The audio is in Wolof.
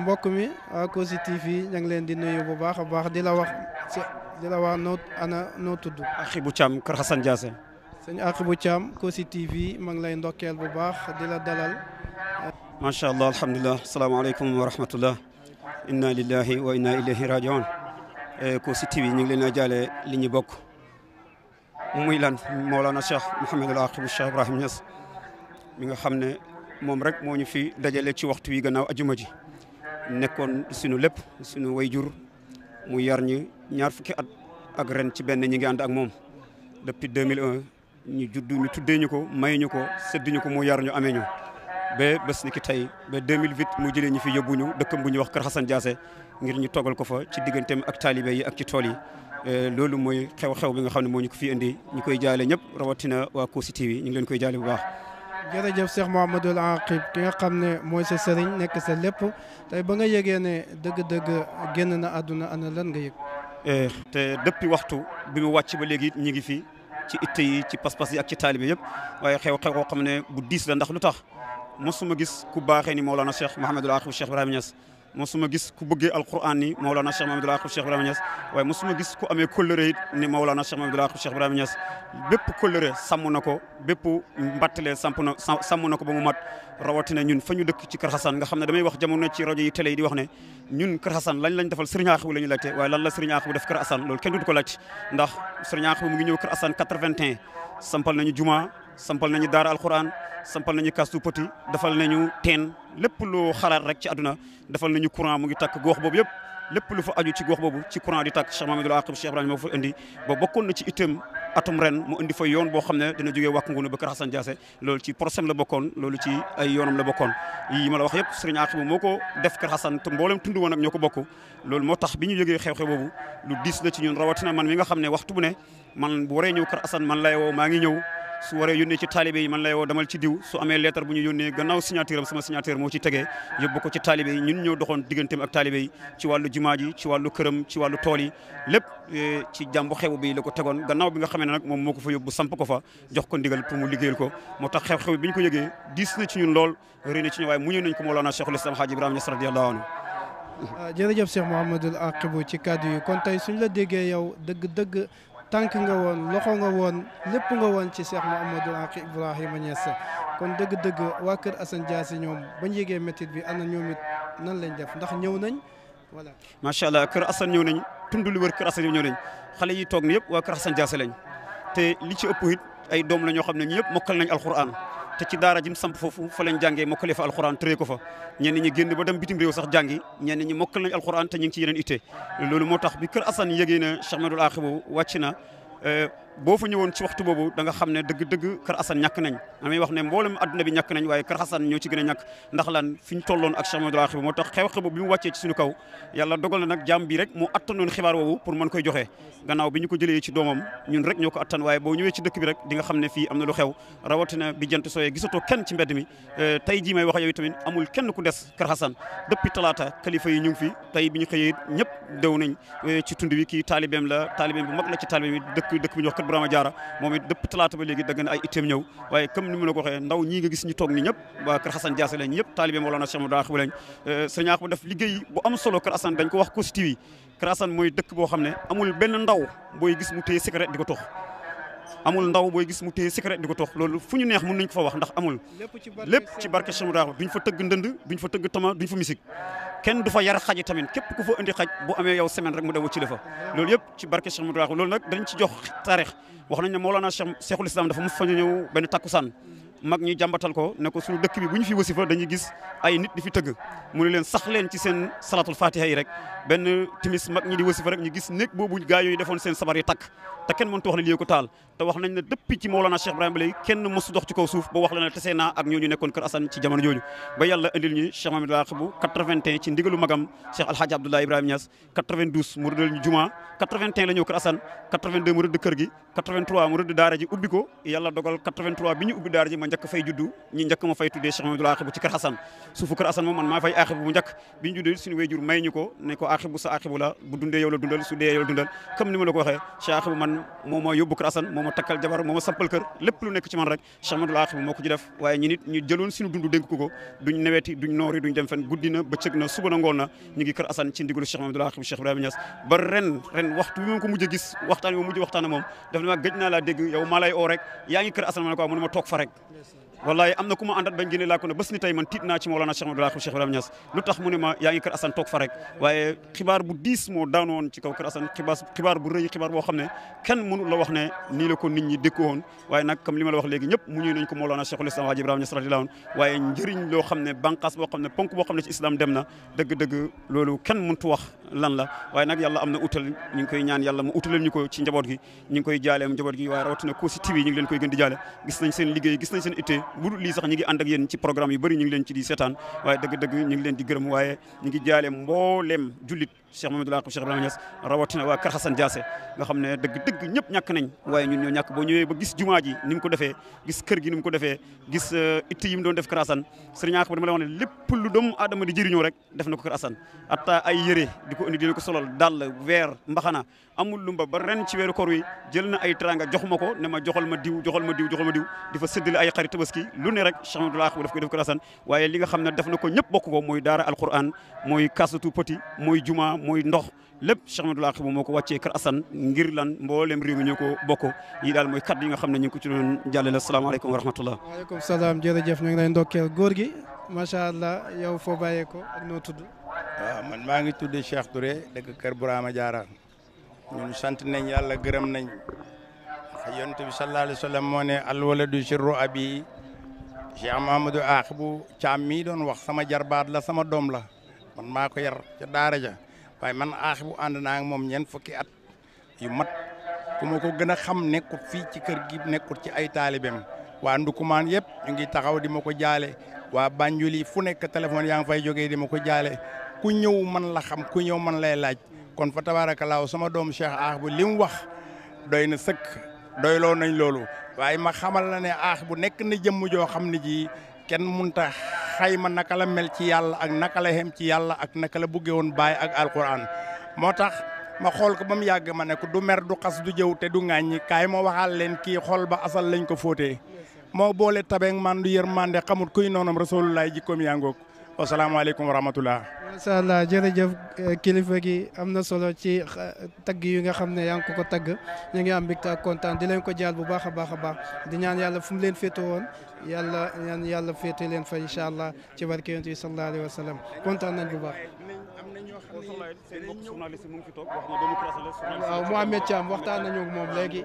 mbokk mi TV ñu ngi leen di nuyu bu baax baax di la wax di la wax noo ana noo tudd. Akhibou Thiam Kër Hassan Diassé. sëñ Akhibou Thiam Kossy TV ma ngi lay ndokkeel bu baax di la dalal. macha allah alhamdulilah salaamaaleykum wa rahmatullah. inna lillahi wa inna ilayhi rajiun. Kossy TV ñu ngi leen a jaale li ñu bokk. muy lan Mawlana Cheikh Mouhamadul Akhibou Cheikh Ibrahim Niass mi nga xam ne rek moo ñu fi dajale ci waxtu wi gannaaw ajuma ji. nekkoon suñu lépp suñu jur mu yar ñu ñaar fukki at ak ren ci benn ñi ngi ànd ak moom depuis 2001 ñu juddu ñu tuddee ñu ko may ñu ko sedd ñu ko mu yar ñu amee ñu. ba bés ni ki tey ba 2008 mu jëlee ñu fi yóbbu ñu dëkk bu ñuy wax Kër Xasan Jaase ngir ñu toggal ko fa ci digganteem ak taalibe yi ak ci tool yi. Eh, loolu mooy xew-xew bi nga xam ne moo ñu ko fi indi ñu koy jaale ñëpp rawatina waa Kossy TV ñu ngi leen koy jaale bu baax. jërëjëf Cheikh Mouhamadoul Aqib ki nga xam ne mooy sa sëriñ nekk sa lépp tey ba nga yëgee ne dëgg-dëgg génn na àdduna ana lan nga yëg. Eh, te depuis waxtu bi mu wàcc ba léegi ñu ngi fii ci itte yi ci pas-pas yi ak ci taalibe yëpp waaye xew-xew koo xam ne bu diis la ndax lu tax mosuma gis ku baaxee ni Mawlana Cheikh Mouhamadoul Aqib Cheikh Ibrahima Niass. musuma gis ku bëgge alquran ni Mawlana Cheikh Mamadou Akhou Cheikh ibrahim Niass way musuma gis ku amé kóllëre yi ni Mawlana Cheikh Mamadou Akhou Cheikh ibrahim Niass bépp kóllëre sàmm nako bépp mbattale samp na sàmm na ba mu mat rawati na ñun fa ñu dëkk ci Kër Xasan nga xamné damay wax jamono ci radio yi télé yi di wax ne ñun Kër Xasan lañ lañ defal Serigne Akhou lañu ñu way lan la Serigne Akhou def Kër Xasan lool kenn du ko lacc ndax Serigne Akhou mu ngi ñëw Kër Xasan 81 sampal nañu juma sampal nañu daara alquran sampal nañu kastu poti defal nañu teen lépp lu xalaat rek ci àdduna defal nañu courant mu ngi takk gox boobu yëpp lépp lu fa aju ci gox boobu ci courant di tàkk Cheikh Mamadou Aqib Cheikh Ibrahima moo fa indi ba bokkoon na ci itam atum ren mu indi fa yoon boo xam ne dina jógee wàkk ngunu ba Kër Hassan Diassé loolu ci prosem la bokkoon loolu ci ay yoonam la bokkoon yi ma la wax yëpp Serigne Aqib moo ko def Kër Hassan te mboolem tund woon ko bokk loolu moo tax bi ñu jógee xew-xew boobu lu diis la man mi nga xam ne waxtu bu ne man bu waree ñëw Kër man lay woo maa ngi ñëw su waree yónnee ci taalibe yi man lay woo demal ci diw su amee lettre bu ñu yónnee gannaaw signature am sama signature moo ci tegee yóbbu ko ci taalibe ñun ñoo doxoon digganteem ak taalibe ci wàllu jumaa ci wàllu këram ci wàllu tool lépp eh, ci jàmbu xew bi la ko tegoon gannaaw bi nga xamee nag moom moo ko fa yóbbu samp ko fa jox ko ndigal pour mu liggéeyal ko moo tax xew-xew bi ñu ko yëgee diis na ci ñun lool rëy na ci ñu waaye muñee nañ ko Mawlana tànk nga woon loxo nga woon lépp nga woon ci Cheikh Mouhamadou Aki Ibrahima Niass kon dëgg-dëgg waa kër Assane Diassi ñoom bañ yégee métit bi ana ñoom it nan lañ def ndax ñëw nañ voilà. macha allah kër Assane ñëw nañ tund lu wër kër Assane ñëw nañ xale yi toog yëpp waa kër Assane lañ te li ci ëpp it ay doom la ñoo xam ne ñëpp mokkal nañ alquran te ci daara jim samp foofu fa lañ mokkale fa alxuraan tëree fa ñenn ñi génn ba dem bitim réew sax jàngi ñenn ñi mokkal nañ alxuraan te ci yeneen itte loolu moo tax bi kër Assane yëgee na Cheikh Madou Akhibou boo fa ñëwoon ci waxtu boobu da nga xam ne dëgg-dëgg Kër Assane ñàkk nañ wax ne mboolem adduna bi ñàkk nañ waaye Kër ñoo ci gën a ñàkk ndax lan fi tolloon ak Cheikh moo tax xew-xew moo attanoon kenn ci mbedd mi euh, talaata kalifa yi fi tey bi ñu xëyee ñëpp dew euh, ci tund bi kii taalibeem la taalibeem bu mag la ci taalibeem dëkk dëkk bi kër Brahima Diarra moom it dëpp talaata ba léegi da ngeen ay itteem ñëw waaye comme ni mu la ko waxee ndaw ñii nga gis ñu toog ni ñëpp waa kër Xasan Diasse lañ ñëpp taalibe Mawlana Cheikh Ahmadou Rakhibou lañ euh, sëñ Akhibou def liggéey mooy dëkk boo xam ne amul benn ndaw booy gis mu téye cigarette di ko tox amul ndaw booy gis mu téye secret di ko tox loolu fu ñu neex mën nañ ko fa wax ndax amul lépp ci barke Cheikh Ahmadou Rakhibou duñ fa tëgg ndënd duñ fa tëgg tama duñ fa kenn du fa yar xaj tamit képp ku fa indi xaj bu amee yow semaine rek mu daw ci la fa loolu yëpp ci barke Cheikh Mouhamadou Rakhou loolu nag dañ ci jox taarix wax nañ ne Mawlana ñëw benn takkusaan mag jàmbatal ko ne ko suñu dëkk bi bu ñu fi wasifa dañuy gis ay nit di fi tëgg mu ne leen sax leen ci seen salatul fatiha yi rek benn timis mag ñi di wasifa rek ñu gis néeg boobu gaa yooyu defoon seen sabar yi takk te kenn mënut wax ne lii ko taal te nañ ne depuis ci Mawlana Cheikh Ibrahima léegi kenn mësu dox ci kaw suuf ba wax la ne ak ñooñu nekkoon Kër Assane ci jamono jooju ba yàlla indil ñu Cheikh Mamadou Waaqi bu 81 ci ndigalu magam Cheikh Alhaji Abdoulaye Ibrahima Niass mu rëddal ñu juma 81 la ñëw Kër Assane mu rëdd kër gi mu rëdd daara ji ubbi ko yàlla dogal 83 bi ñu ubbi daara ji ma njëkk fay juddu ñi njëkk ma fay tuddee Cheikh Mamadou fay aaxib bu ma la takkal jabar moo ma sampal kër lépp lu nekk ci man rek Cheikh Amadou Akhib moo ko ci def waaye ñu nit ñu jëloon suñu dund dénk ko ko duñ neweti duñ noori duñ dem fen guddi na bëccëg na suba na ngoon na ñu ngi kër Assane ci ndigalu Cheikh Amadou Akhib Cheikh Ibrahima Niass ba ren ren waxtu bi moom ko mujj a gis waxtaan bi mujj waxtaan moom daf ne ma gëj naa laa dégg yow maa lay oo rek yaa ngi kër Assane ma ne ko mënuma toog fa rek wallaay am na ku ma àndat bañ génne laa ko ne bés ni tey man tiit naa ci Mawlana Cheikh Abdoulaye Cheikh Ibrahima Niass lu tax mu ma yaa ngi kër Assane toog fa waaye xibaar bu diis moo daanu ci kaw kër Assane xibaar bu rëy xibaar boo xam ne kenn mënu la wax ne nii la ko nit ñi dékku woon waaye nag comme li ma la wax léegi ñëpp mu ñëw nañ ko Mawlana Cheikhul Islam Hadji Ibrahima Niass radiyallahu anhu waaye njëriñ loo xam ne bànqaas boo xam ne ponk boo xam ne ci islam dem na dëgg-dëgg loolu kenn mëntu wax yàlla am na utal ñu ngi koy ñaan yàlla mu utalal ñu ko ci njaboot gi ñu ngi koy jaale njaboot gi waaye rawatina ko ci bu dul lii sax ñu ngi ànd ak yéen ci programme yu bëri ñu ngi leen ci di seetaan waaye dëgg-dëgg ñu ngi leen di gërëm waaye ñu ngi jaale mboolem jullit Cheikh Mamadou Lakhab Cheikh Ibrahima Niass rawatina waa Kër Xasan Diassé nga xam ne ko defee gis kër gi ni mu euh, def ne lu doomu aadama di jëriñoo rek ko Kër Xasan atta ay ko indi di ko solal dàll weer mbaxana amul na ay teranga ma ko ne ma joxal ma diw ma diw di fa séddale ay xarit lu ne rek ko def Kër Xasan ne def na ko ñëpp bokk ko mooy daara jumaa muy ndox lépp Cheikh Ahmadou Akhi moo ko wàccee kër Assane ngir lan mboolem réew mi ko bokk yi daal mooy kàddu yi nga xam ne ñu ngi ko ci doon jàllale asalaamaaleykum wa rahmatullah salaam jërëjëf ñu ngi lay ndokkeel góor gi macha allah yow foo bàyyee ko ak tudd man maa ngi tudd Cheikh re dëkk kër Burama Diarra ñun sant nañ yàlla gërëm nañ yonent bi sallallahu alayhi wa sallam moo ne alwaladu sirru abi Cheikh Mahamadou Akhi bu caam doon wax sama jarbaat la sama doom la man maa ko ja waaye man aaxibu ànd naa ak moom ñeent fukki at yu mat ku ma ko gën a xam nekkut fii ci kër gi nekkut ci ay taalibeem waa ndukumaan yëpp ñu ngi taxaw di ma ko jaale waa Banjul yi fu nekk téléphone yaa ngi fay jógee di ma ko jaale ku ñëw man la xam ku ñëw man lay laaj kon fa tabaarakalaaw sama doom Cheikh Aaxibu li mu wax doy na sëkk doyloo nañ loolu waaye ma xamal la ne aax bu nekk na jëmm joo xam ne ji kenn munta ay xayma naka la mel ci yàlla ak naka la xem ci yàlla ak naka la bugge woon baay ak alquran moo tax ma xool ko ba mu yàgg ma ne ko du mer du xas du jëw te du ŋàññi kaay ma waxaal leen kii xool ba asal lañ ko fóotee moo boole tabeeg man du yërmande xamut kuy noonam rasulullah jikkoom yaa ngoog wasalaamaaleykum wa rahmatulah. macha allah jërëjëf kilifa gi am na solo ci tagg yu nga xam ne yaa ngi ko ko tagg ñu ngi am mbégte ak kontaan di leen ko jaal bu baax a baax a baax di ñaan yàlla fu mu leen féete woon yàlla ñaan yàlla féete leen fa incha allah ci barke yonent bi sallallahu alayhi wa sallam kontaan nañ bu baax. waaw Mouhamed Thiam waxtaan nañu ak moom léegi.